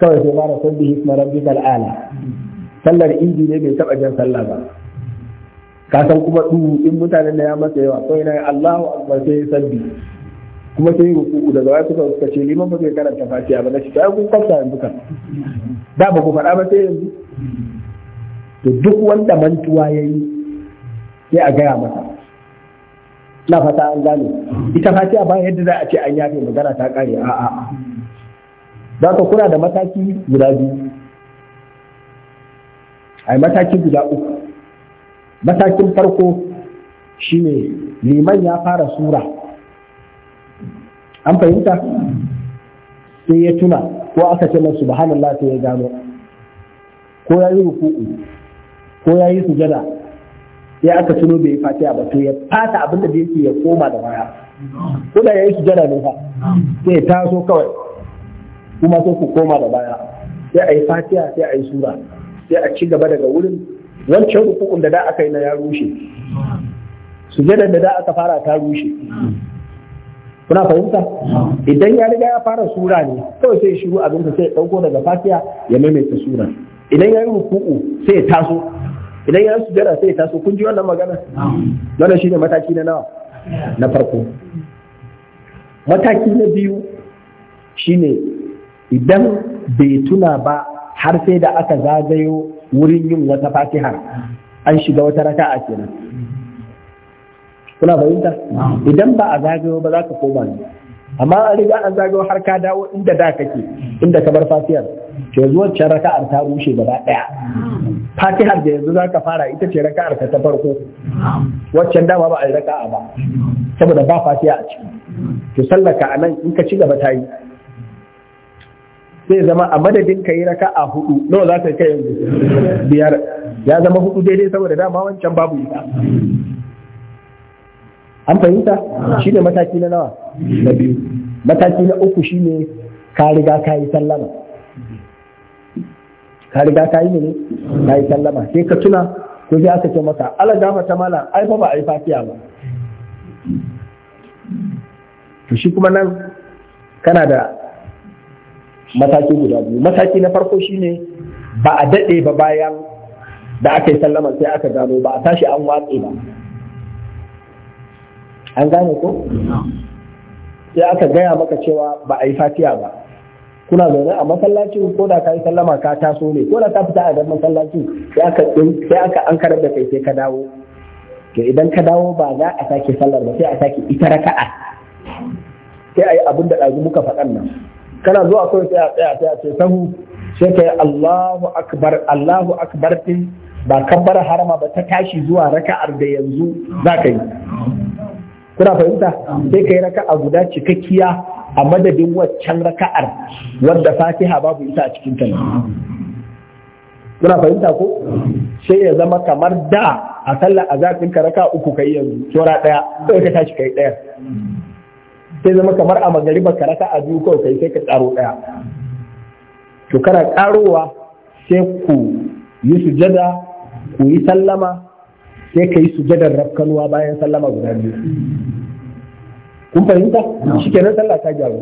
A: kawai sai mara sabbi hisma rabbika al'ala sallar inji ne bai taba jan sallah ba ka san kuma du in mutanen da ya masa yawa ko na Allahu akbar sai sabbi kuma sai ruku daga wai suka ce liman ba zai karanta fatiha ba na shi ta kun kwanta yanzu kan da ba ku faɗa ba sai yanzu to duk wanda mantuwa ya yi sai a gaya masa na fata an gane ita fatiha ba yadda za a ce an yafe magana ta ƙare. a a za ka kura da mataki guda biyu a mataki guda uku matakin farko shine liman ya fara sura an fahimta sai ya tuna ko aka ce mai subhanallah sai ya gano ko ya yi ruku'u ko ya yi sujada sai aka tuno bai fatiha ba to ya fata abin da yake ya koma da baya ko da ya yi sujada ne fa sai ta so kawai kuma sai ku koma da baya sai a yi fatiha sai a yi sura sai a ci gaba daga wurin wancan ruku'un da da aka yi na ya rushe Sujada da da aka fara ta rushe kuna fahimta idan ya riga ya fara sura ne kawai sai shiru abinsa sai ya dauko daga fatiha ya maimaita sura idan ya yi ruku'u sai ya taso idan ya yi sujada sai ya taso kun ji wannan magana wannan shine mataki na nawa na farko mataki na biyu shine idan bai tuna ba har sai da aka zagayo wurin yin wata fatiha an shiga wata raka'a kenan kuna fahimta idan ba a zagayo ba za ka koma ne amma an riga an zagayo har ka dawo inda da kake inda ka bar fatiyar Ke zuwa wacce raka'ar ta rushe gaba daya fatihar da yanzu za ka fara ita ce raka'ar ta farko waccan dama ba a yi raka'a ba saboda ba fatiya a ciki to sallaka a nan in ka ci gaba ta yi zai zama a madadin ka yi raka'a hudu nawa za ka kai yanzu biyar ya zama hudu daidai saboda dama wancan babu ita an fahimta shi ne mataki na nawa na biyu mataki na uku ne ka riga ka yi sallama ka riga ka yi ne ka yi sallama sai ka tuna ko sai aka ce maka ala gafa ta mana ai fa ba ai fatiya ba to shi kuma nan kana da mataki guda biyu mataki na farko shi ne ba a daɗe ba bayan da aka yi sallama sai aka gano ba a tashi an watse ba an gane ko sai aka gaya maka cewa ba a yi fatiya ba kuna zaune a masallacin ko da ka yi sallama ka taso ne ko da ka fita a dan masallacin sai aka sai aka an karar da kai sai ka dawo to idan ka dawo ba za a sake sallar ba sai a sake ita raka'a sai a yi abin da ɗazu muka faɗan nan kana zuwa kawai sai a tsaya sai a ce sahu sai ka yi Allahu akbar Allahu akbar din ba kabbar harama ba ta tashi zuwa raka'ar da yanzu za ka yi kuna fahimta sai kai raka'a guda cikakkiya a madadin waccan raka'ar wadda fatiha babu ita a cikin ta kuna fahimta ko sai ya zama kamar da a sallar azhar ka raka uku kai yanzu tsora ɗaya sai ka tashi kai ɗaya sai zama kamar a magariba ka raka a biyu kawai kai sai ka karo ɗaya to kana ƙarowa sai ku yi sujada ku yi sallama sai ka yi sujadar rafkanuwa bayan sallama guda biyu kun fahimta shi kenan sallah ta gyaru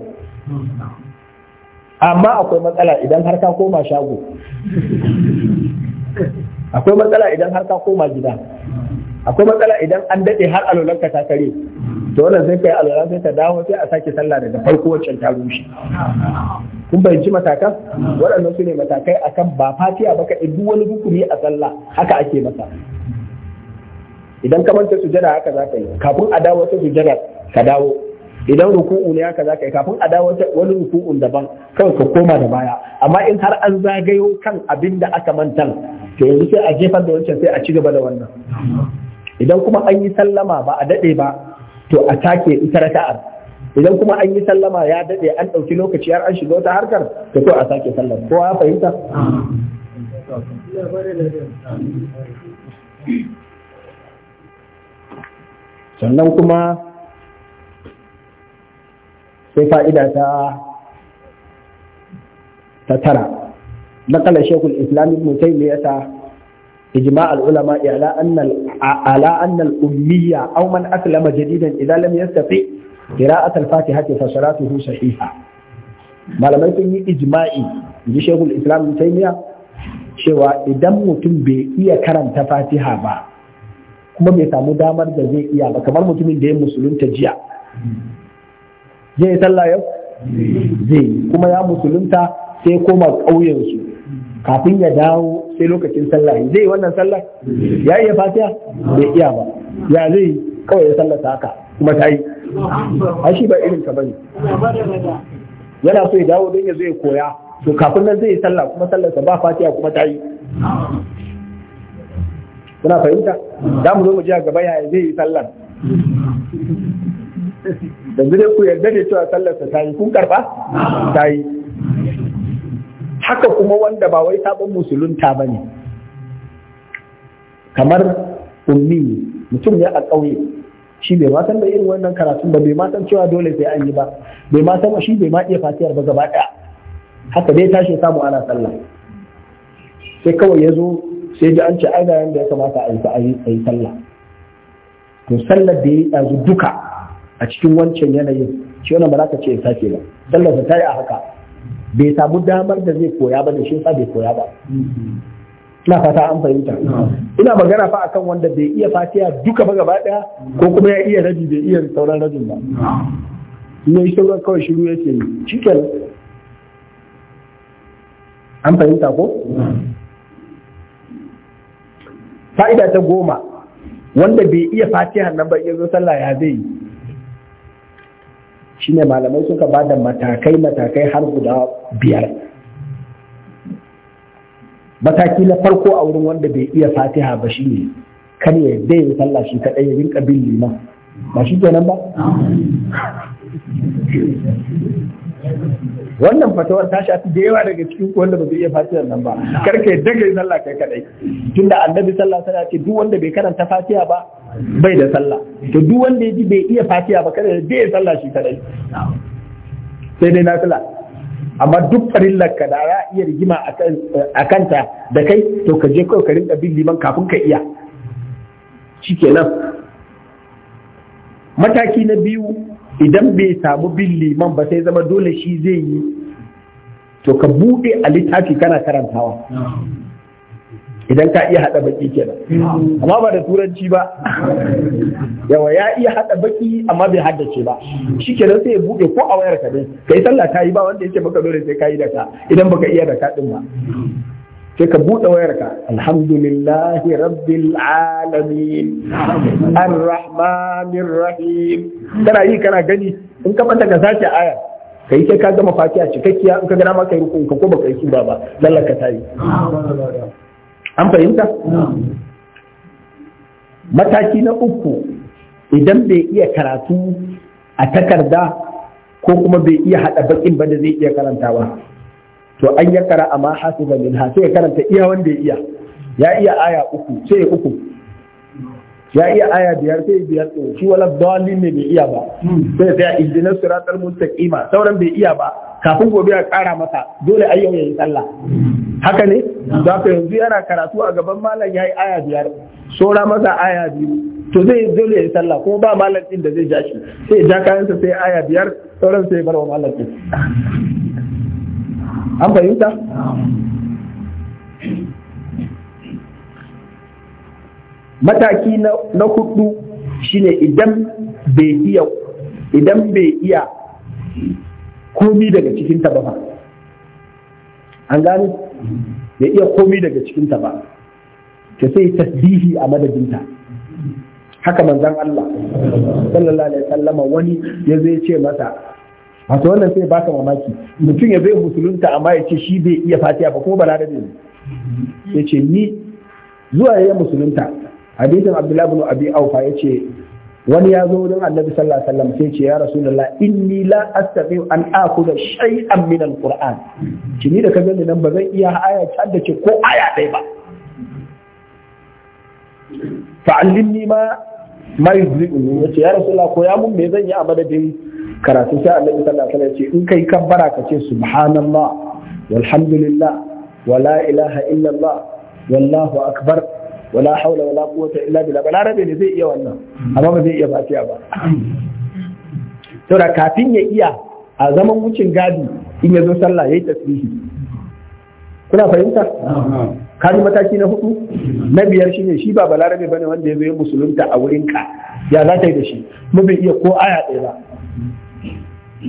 A: amma akwai matsala idan har ka koma shago akwai matsala idan har ka koma gida akwai matsala idan an daɗe har ka ta kare to wannan sai kai alolan sai ta dawo sai a sake sallah daga farko wancan ta rushe kun fahimci matakan waɗannan su ne matakai akan ba fatiya ba ka duk wani hukumi a sallah haka ake masa idan ka manta sujada haka za ka yi kafin a dawo wata sujada ka dawo idan ruku'u ne haka za ka yi kafin a dawo wani ruku'un daban kawai ka koma da baya amma in har an zagayo kan abin da aka mantan to yanzu sai a jefar da wancan sai a ci gaba da wannan idan kuma an yi sallama ba a daɗe ba to a take ita raka'ar idan kuma an yi sallama ya daɗe an ɗauki lokaci har an shiga wata harkar to to a sake sallama kowa ya fahimta sannan kuma sai fa’ida ta tattara nakalar shekul islamic mutai ne yasa ulama ala annal umiya auman aslama jadidan idalam ya tafi kira a talfati haƙe fasharatu hu sahiha malamai sun yi ijma'i ji shekul islamic mutai cewa idan mutum bai iya karanta fatiha ba kuma bai samu damar da zai iya ba kamar mutumin da ya musulunta jiya zai sallah yau zai kuma ya musulunta sai koma ƙauyensu kafin ya dawo sai lokacin sallah zai wannan sallah ya iya fatiha bai iya ba ya zai kawai ya sallata haka kuma ta yi shi ba irin ka bane yana so ya dawo don ya zai ya koya to kafin nan zai yi sallah kuma sallarsa ba fatiha kuma ta yi kuna fahimta za mu zo mu ji a gaba yaya zai yi sallar yanzu dai ku yarda da cewa sallar tayi ta yi kun karba ta yi haka kuma wanda ba wai sabon musulunta ba ne kamar ummi mutum ne a ƙauye shi bai ma san da irin wannan karatun ba bai ma san cewa dole sai an yi ba bai ma san shi bai ma iya fatiyar ba gaba ɗaya haka dai tashi samu ana sallah sai kawai ya zo sai ji an ce aina yanda ya kamata a yi sallah to sallar da ya yi ɗazu duka a cikin wancan yanayin shi wannan ba za ka ce ya sake ba sallar ta yi a haka bai samu damar da zai koya ba da shi sa bai koya ba ina fata an fahimta ina magana fa akan wanda bai iya fatiya duka ba gaba daya ko kuma ya iya rabi bai iya sauran rabin ba yi sauran kawai shiru yake yi cikin an fahimta ko fa'ida ta goma wanda bai iya fatihar nan ba iya zo sallah ya zai yi ne malamai suka ba da matakai matakai har guda biyar mataki na farko a wurin wanda bai iya fatiha ba shine kan ya dai sallah shi kaɗai, ya rinka bin liman ba shi kenan ba wannan fatawar ta shafi da yawa daga cikin wanda ba zai iya fatiyar nan ba karka yadda yi sallah kai kadai tunda annabi sallah sana ce duk wanda bai karanta fatiya ba bai da sallah to duk wanda ya ji bai iya fatiya ba kada ya sallah shi kadai sai dai na sallah. amma duk farillar ka da ya iya rigima a kanta da kai to ka je kawai ka rinka bin liman kafin ka iya shikenan mataki na biyu idan bai samu bin liman ba sai zama dole shi zai yi to ka buɗe a littafi kana karantawa idan ka iya haɗa baki kenan amma ba da turanci ba yawa ya iya haɗa baki amma bai haddace ba shi kenan sai ya buɗe ko a wayar ka dai kai sallah ta yi ba wanda yake maka dole sai ka yi da ka idan baka iya da ka ɗin ba sai ka buɗe wayarka alhamdulillahi rabbil alamin arrahmanir rahim kana yi kana gani in ka fata ka sace aya kai ke ka gama fatiha cikakkiya in ka gana ma kai rukun ka ko baka yi ba ba lalla ka tayi an fahimta mataki na uku idan bai iya karatu a takarda ko kuma bai iya haɗa bakin ba da zai iya karantawa to an ya kara amma hasiba min ha sai ya karanta iya wanda ya iya ya iya aya uku sai uku ya iya aya biyar sai biyar to shi wala dalil ne bai iya ba sai sai ihdinas siratal mustaqima sauran bai iya ba kafin gobe ya ƙara masa dole a ya yi sallah haka ne za ka yanzu yana karatu a gaban malam yayi aya biyar saura masa aya biyu to zai dole yi sallah kuma ba malam din da zai ja shi sai ja kayansa sai aya biyar sauran sai bar wa malam din an fahimta mataki na hudu shine idan bai iya idan bai iya komi daga cikin ta ba an gane bai iya komi daga cikin ta ba ta sai tasbihi a madadinta haka manzon Allah sallallahu alaihi wasallam wani ya zai ce masa wato wannan sai baka mamaki mutum ya zai musulunta amma ya ce shi bai iya fatiha ba kuma balarabe ne ya ce ni zuwa ya musulunta hadisin abdullahi bin abi aufa ya ce wani ya zo don annabi sallallahu alaihi wasallam sai ce ya rasulullah inni la astati an akhudha shay'an min alquran kini da ka gani nan ba zan iya aya ta da ce ko aya dai ba fa'allimni allimni ma ma yuzri'u ya ce ya rasulullah ko ya mun me zan yi a madadin karatu sai annabi sallallahu alaihi wasallam ya ce in kai kan baraka ce subhanallah walhamdulillah wala ilaha illallah wallahu akbar wala haula wala quwwata illa billah balarabe ne zai iya wannan amma ba zai iya fatiha ba saboda kafin ya iya a zaman wucin gadi in ya zo sallah yayi tasbihi kuna fahimta kaji mataki na hudu na biyar shine shi ba balarabe bane wanda ya zo musulunta a wurin ka ya za ta yi da shi mu bai iya ko aya ɗaya ba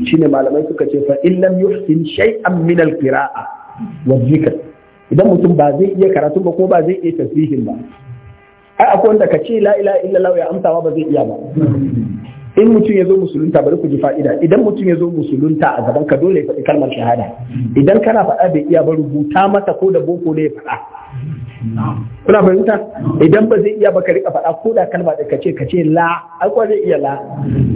A: shine malamai suka ce fa in lam yuhsin shay'an min al-qira'a wa dhikr idan mutum ba zai iya karatu ba ko ba zai iya tasbihin ba ai akwai wanda ka ce la ilaha illallah ya amsawa ba zai iya ba in mutum ya zo musulunta bari ku ji fa'ida idan mutum ya zo musulunta a gaban ka dole ya faɗi kalmar shahada idan kana faɗa bai iya ba rubuta masa ko da boko ne ya faɗa kuna fahimta idan ba zai iya ba ka rika faɗa ko da kalma da kace kace la akwai zai iya la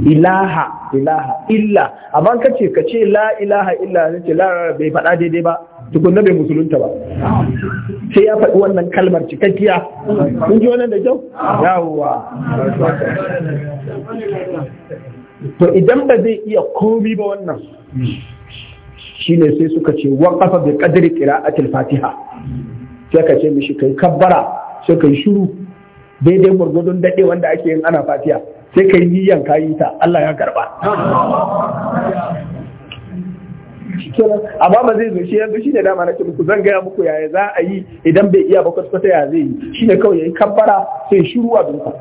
A: ilaha ilaha illa amma ka ce kace la ilaha illa zai ce la bai faɗa daidai ba tukunna bai musulunta ba sai ya faɗi wannan kalmar cikakkiya kun ji wannan da kyau yawwa to idan ba zai iya komi ba wannan shine sai suka ce waqafa bi qadri qira'atil fatiha sai ka ce mishi kai kabbara sai kai shiru daidai gwargwadon daɗe wanda ake yin ana fatiya sai kai niyan kayi ta Allah ya karba amma ba zai zo shi yanzu shine dama nake muku zan gaya muku yaya za a yi idan bai iya ba kwata ya zai yi shine kawai yayi kabbara sai shiru a duka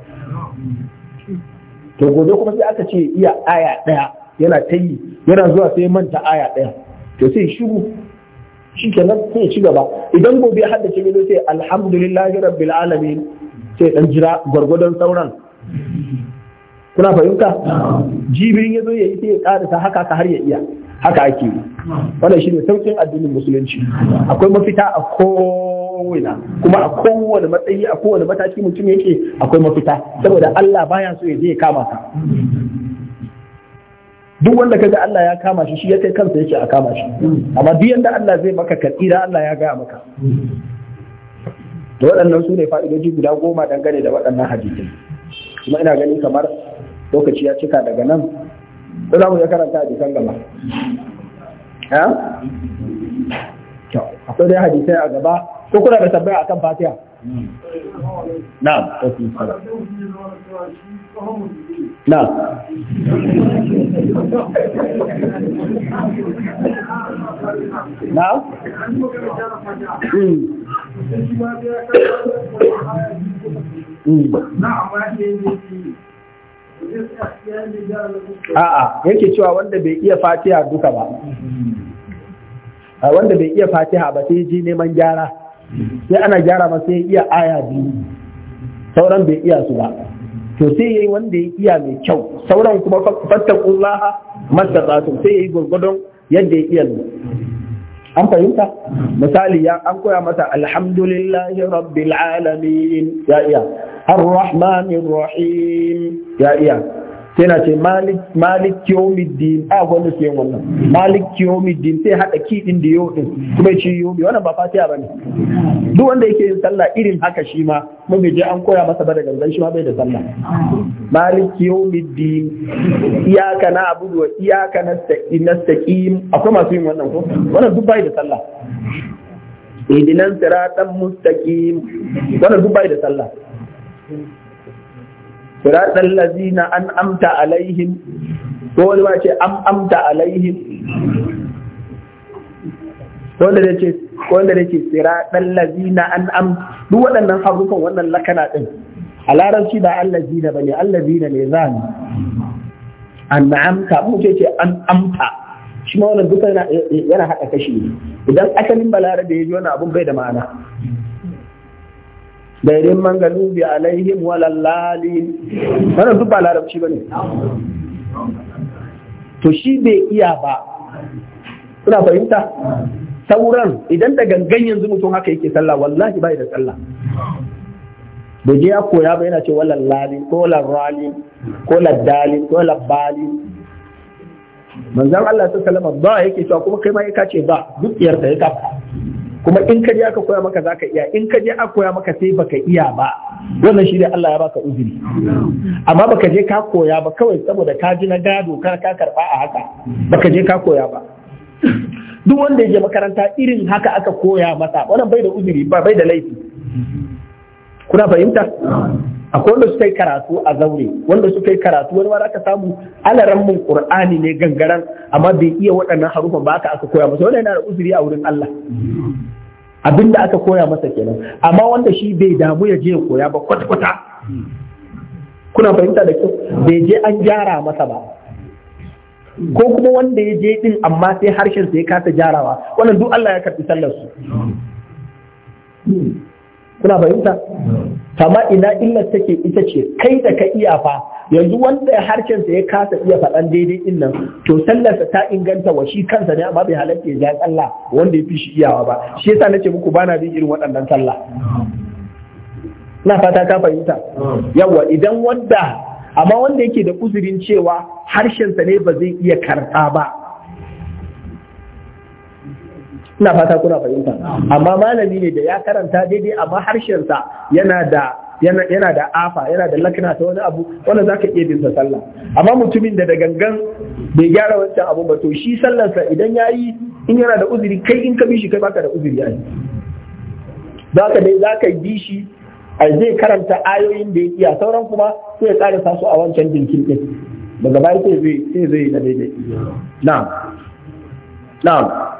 A: to gobe kuma sai aka ce iya aya daya yana tayi yana zuwa sai manta aya daya to sai shiru shi ke nan sai ci gaba idan gobe ya haddace milo sai alhamdulillahi rabbil alamin sai dan jira gwargwadon sauran kuna fahimta jibin ya zo ya yi sai ya ta haka ka har ya iya haka ake yi wannan shine saukin addinin musulunci akwai mafita a kowane kuma a kowane matsayi a kowane mataki mutum yake akwai mafita saboda Allah baya so ya je ya kama ka duk wanda kaga Allah ya kama shi shi ya kai kansa yake a kama shi amma duk yanda Allah zai maka kadira Allah ya gaya maka to waɗannan su ne fa'idoji guda goma dangane da waɗannan hadisai kuma ina ganin kamar lokaci ya cika daga nan ko za mu ya karanta hadisan gaba ha akwai dai hadisai a gaba ko kuna da tambaya akan fatiha
B: na'am mm.
A: A'a yake cewa wanda bai iya fatiha duka ba, wanda bai iya fatiha ba sai ji neman gyara. sai ana gyara ba sai iya aya biyu sauran bai iya su ba to sai yayi wanda ya iya mai kyau sauran kuma fattakullaha mastata'tum sai yayi gurgudun yadda ya iya an fahimta misali ya an koya masa alhamdulillahi rabbil alamin ya iya arrahmanir rahim ya iya sai na ce malik yomiddin a wanda su yin wannan malik din sai haɗa kiɗin da yau ɗin kuma ci yomi wannan ba fatiha ba ne duk wanda yake yin sallah irin haka shi ma mun bai je an koya masa ba da gangan shi ma bai da sallah malik din, iyaka na abudu iyaka iyaka nastaqim akwai masu yin wannan ko wannan duk bai da sallah idinan siratan mustaqim wannan duk bai da sallah siratal lazina an amta alaihim ko wani ce an amta alaihim wanda da ce wanda da ke siratal lazina an amta. duk waɗannan harufan wannan lakana ɗin. a larabci ba an lazina ba ne an lazina ne za ni. an amta mu ce ce an amta shi ma wannan duka yana haɗa kashi idan asalin balarabe ya ji wani abun bai da ma'ana bairin mangalubi alaihim walallali wannan duk ba larabci ba ne to shi bai iya ba suna fahimta sauran idan da gangan yanzu mutum haka yake sallah wallahi ba da sallah da je ya koya ba yana ce walallali ko larrali ko laddali ko labbali manzan Allah ta salama ba yake cewa kuma kai ma yaka kace ba duk yarda ya kafa kuma in kaje aka koya maka zaka iya in ka aka koya maka sai baka iya ba wannan shi ne Allah ya baka uzuri amma baka je ka koya ba kawai saboda ka ji na gado kar ka karba a haka baka je ka koya ba duk wanda ya je makaranta irin haka aka koya masa wannan bai da uzuri ba bai da laifi kuna fahimta akwai wanda suka yi karatu a zaure wanda suka yi karatu wani aka samu alaran mun qur'ani ne gangaran amma bai iya waɗannan harufan ba aka aka koya masa wannan yana da uzuri a wurin Allah abinda aka koya masa kenan amma wanda shi bai damu ya je ya koya ba kwata kwata kuna fahimta da kyau bai je an gyara masa ba ko kuma wanda ya je din amma sai harshen sa ya kasa gyarawa wannan duk Allah ya karbi sallar su kuna fahimta hmm. amma ina illar take ita ce kai da ka iyafa. yanzu wanda harshensa ya kasa iya faɗan daidai din to sallarsa ta inganta wa shi kansa ne amma bai halatta ya ja sallah wanda ya fi shi iyawa ba shi yasa ce muku bana bin irin waɗannan sallah hmm. na fata ka fahimta hmm. yawa idan wanda amma wanda yake da uzurin cewa harshensa ne ba zai iya karɓa ba ina fata kuna fahimta amma malami ne da ya karanta daidai amma harshensa yana da yana yana da afa yana da lakna ta wani abu wanda zaka iya bin sa sallah amma mutumin da da gangan bai gyara wancan abu ba to shi sallarsa idan yayi in yana da uzuri kai in ka bishi kai baka da uzuri yayi zaka dai zaka bi shi a zai karanta ayoyin da ya iya sauran kuma sai ya karanta su a wancan dinkin din daga baya sai zai sai zai da daidai na'am na'am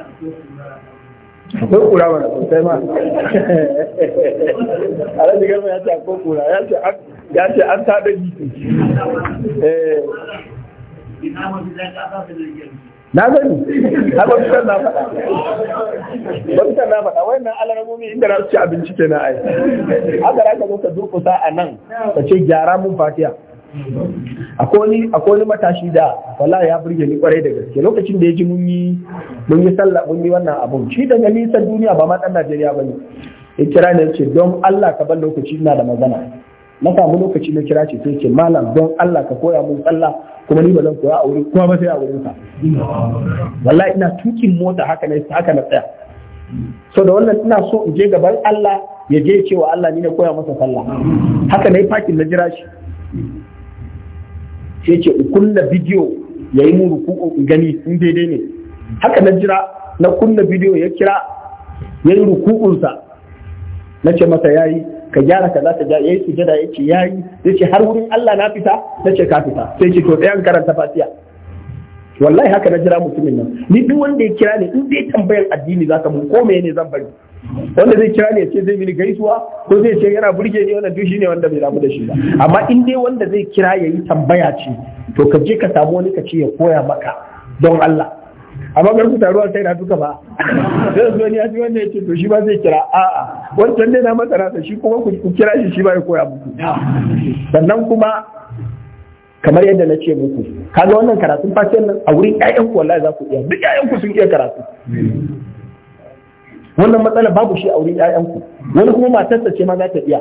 B: akwai
A: kura mana sosai ma alhaji garba ya ce akwai kura ya ce an tada jiki eh. na gani na babitan na faɗa babitan na faɗa wani wannan alarmomi inda na su ci abinci ke na ai haka za ka zo ka durkusa a nan ka ce gyara mun fatiya akwai wani matashi da wala ya burge ni kwarai da gaske lokacin da ya ji mun
B: yi
A: sallah mun yi wannan abun shi daga nisan duniya ba ma Najeriya ba ne ya kira ne ce don Allah ka bar lokaci ina da magana na samu lokaci na kira ce sai ce malam don Allah ka koya mun sallah kuma ni ba zan koya a wurin kuma ba sai a wurin ka wallahi ina tukin mota haka ne haka na tsaya so da wannan ina so in je gaban Allah ya je cewa Allah ni ne koya masa sallah haka ne fakin na jira shi sai ce in kunna bidiyo yi mu ruku'u in gani in daidai ne haka na jira na kunna bidiyo ya kira ya yi ruku'unsa na ce masa yi ka gyara ka za ka ja yi sujada ya ya ce yi. Ya ce har wurin Allah na fita na ce ka fita sai ce to ɗayan karanta fatiya wallahi haka na jira mutumin nan ni duk wanda ya kira ne, in dai tambayar addini za ka mun ko me ne zan bari wanda zai kira ne ya ce zai mini gaisuwa ko zai ce yana burge ni wannan duk shine wanda bai damu da shi ba amma in dai wanda zai kira ya yi tambaya ce to ka je ka samu wani ka ce ya koya maka don Allah amma kar ku taruwa sai na duka ba sai su ni ya ji wanda ya ce to shi ba zai kira a'a wancan dai na masara da shi kuma ku kira shi shi ba ya koya muku sannan kuma kamar yadda na ce muku kaga wannan karatun fasiyar nan a wurin ku wallahi za ku iya duk ku sun iya karatu wannan matsala babu shi a wurin ƴaƴanku wani kuma matarsa ce ma za ta iya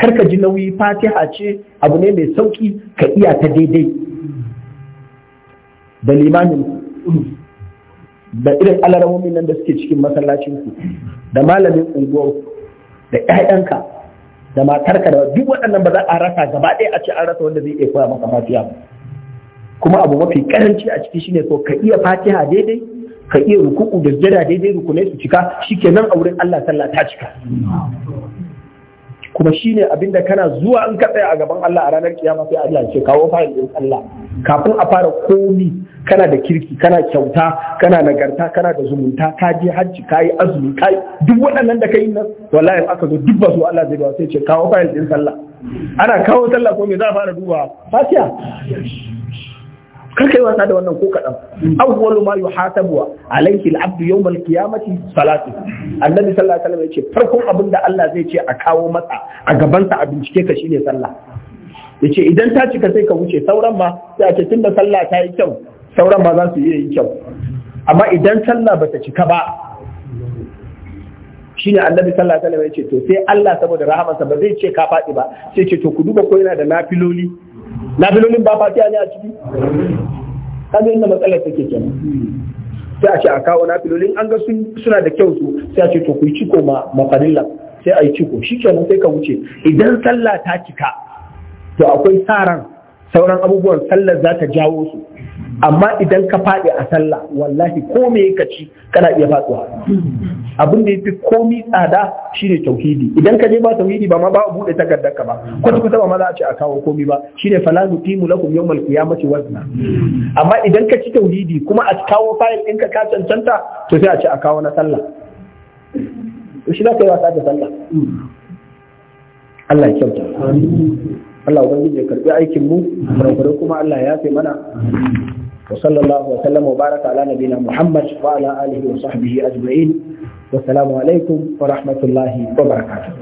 A: kar ka ji nauyi fatiha ce abu ne mai sauki ka iya ta daidai da limamin da irin alaramomin nan da suke cikin masallacinku da malamin unguwar da ƴaƴanka da matarka da duk waɗannan ba za a rasa gaba ɗaya a ce an rasa wanda zai iya koya maka fatiha kuma abu mafi karanci a ciki shine so ka iya fatiha daidai ka iya ruku'u da sujada daidai rukunai su cika shi shikenan a wurin Allah sallah ta cika kuma shine abin da kana zuwa in ka tsaya a gaban Allah a ranar kiyama sai Allah ce kawo fayil ɗin Allah kafin a fara komi kana da kirki kana kyauta kana nagarta kana da zumunta ka je hajji ka yi azumi ka yi duk waɗannan da kai nan wallahi aka zo duk ba su Allah zai ba sai ce kawo fayil ɗin sallah ana kawo sallah ko me za a fara duba fatiha kar kai wasa da wannan ko kadan awwalu ma yuhasabu alayhi al-abdu yawm al-qiyamati salatu annabi sallallahu alaihi wasallam yace farkon abin da Allah zai ce a kawo masa a gaban sa a bincike ka shine sallah yace idan ta cika sai ka wuce sauran ma sai a ce tunda sallah ta yi kyau sauran ma za su iya kyau amma idan sallah bata cika ba shine annabi sallallahu alaihi wasallam yace to sai Allah saboda rahamarsa ba zai ce ka faɗi ba sai ce to ku duba ko yana da nafiloli nafilolin ba fatiha ne a ciki kaga inda matsalar take ke sai a ce a kawo nafilolin an ga suna da kyau su sai a ce to ku yi ciko ma mafarilla sai a yi ciko shi kenan sai ka wuce idan sallah ta cika to akwai sa sauran abubuwan sallar za ta jawo su amma idan ka faɗi a sallah wallahi ko me ka ci kana iya faɗuwa abin da ya fi komi tsada shine tauhidi idan ka je ba tauhidi ba ma ba a buɗe takardar ka ba kwata kwata ba ma za a ce a kawo komi ba shine fala nutimu lakum yawmal qiyamati wazna amma idan ka ci tauhidi kuma a kawo fayil ɗinka ka cancanta to sai a ce a kawo na sallah to shi za ka yi wasa da sallah Allah ya kyauta Allah ubangiji ya karbi aikin mu kurakurai kuma Allah ya fi mana wa sallallahu wa sallam wa baraka ala nabina Muhammad wa ala alihi wa sahbihi ajma'in wa salamu alaikum wa rahmatullahi wa barakatuh